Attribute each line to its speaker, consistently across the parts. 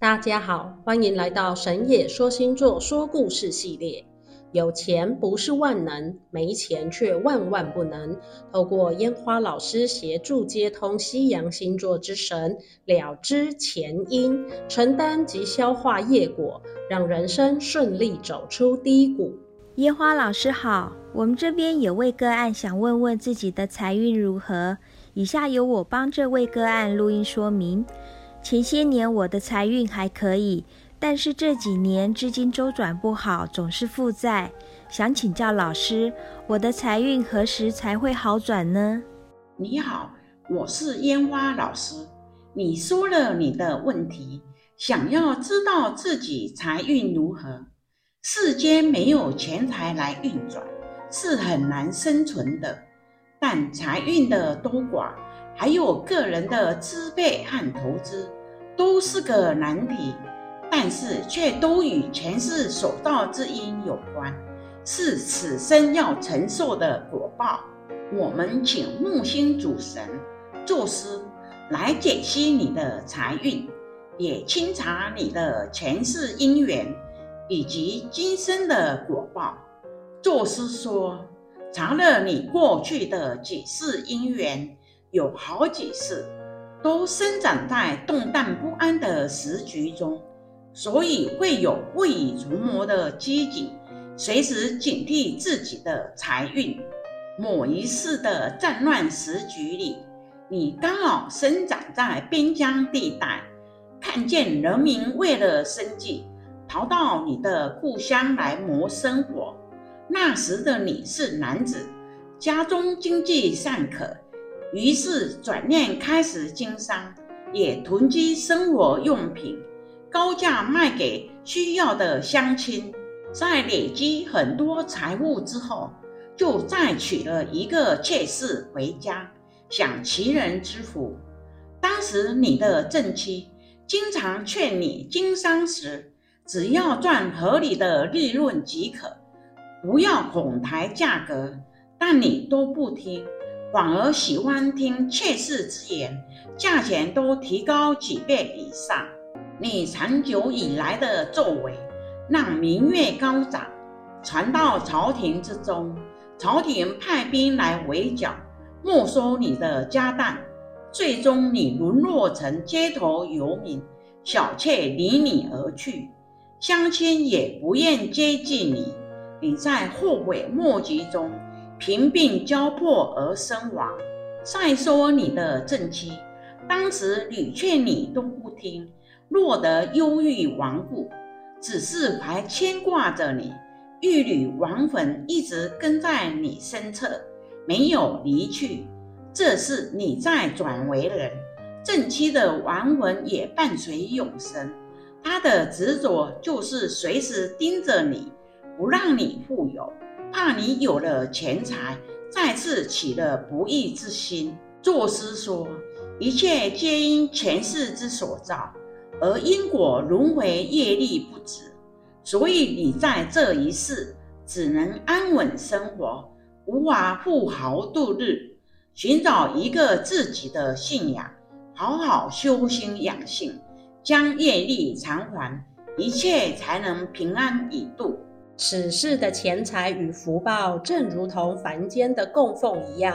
Speaker 1: 大家好，歡迎來到神野說星座說故事系列。有錢不是萬能，沒錢卻萬萬不能。透過煙花老師協助接通西洋星座之神，了知前因，承擔及消化業果，讓人生順利走出低谷。煙花老師好，我們這邊有位個案想問問自己的財運如何，以下由我幫這位個案錄音說明。前些年我的財運還可以，但是這幾年資金周轉不好，總是負債。想請教老師，我的財運何時才會好轉呢？你
Speaker 2: 好，我是煙花老師。你說了你的問題，想要知道自己財運如何？世間沒有錢財來運轉，是很難生存的。但財運的多寡，還有個人的支配和投資都是個難題，但是卻都與前世所造之因有關，是此生要承受的果報。我們請木星主神宙斯來解析你的財運，也清查你的前世姻緣以及今生的果報。宙斯說，查了你過去的幾世姻緣。有好幾世，都生長在動盪不安的時局中，所以會有未雨綢繆的機警，隨時警惕自己的財運。某一世的戰亂時局裡，你剛好生長在邊疆地帶，看見人民為了生計逃到你的故鄉來謀生活。那時的你是男子，家中經濟尚可。於是轉念開始經商，也囤積生活用品，高價賣給需要的鄉親。在累積很多財物之後，就再娶了一個妾室回家，享齊人之福。當時你的正妻經常勸你經商時，只要賺合理的利潤即可，不要哄抬價格，但你都不聽。反而喜歡聽妾室之言，價錢都提高幾倍以上。你長久以來的作為，讓民怨高漲，傳到朝廷之中，朝廷派兵來圍剿，沒收你的家當，最終你淪落成街頭游民，小妾離你而去，鄉親也不願接近你，你在後悔莫及中。貧病交迫而身亡。再說你的正妻，當時屢勸你都不聽，落得憂鬱亡故，只是還牽掛着你，一縷亡魂一直跟在你身側，沒有離去。這是你在轉為人，正妻的亡魂也伴隨永生，他的執着就是隨時盯着你，不讓你富有。怕你有了錢財，再次起了不義之心。作詩說：一切皆因前世之所造，而因果輪迴業力不止，所以你在這一世只能安穩生活，無法富豪度日。尋找一個自己的信仰，好好修心養性，將業力償還，一切才能平安以度。此事的錢財
Speaker 1: 與福報，正如同凡間的供奉一樣，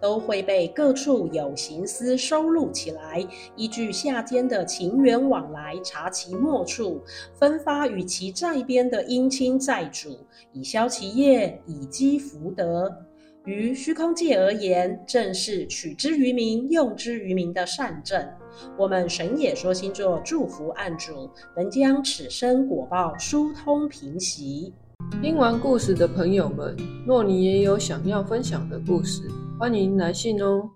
Speaker 1: 都會被各處有行司收錄起來，依據下間的情緣往來查其末處，分發與其在邊的冤親債主，以消其業，以積福德。於虛空界而言，正是取之於民，用之於民的善政。我們神野說星座祝福案主，能將此生果報疏通平息。聽完故事的朋友們，若你也有想要分享的故事，歡迎來信哦。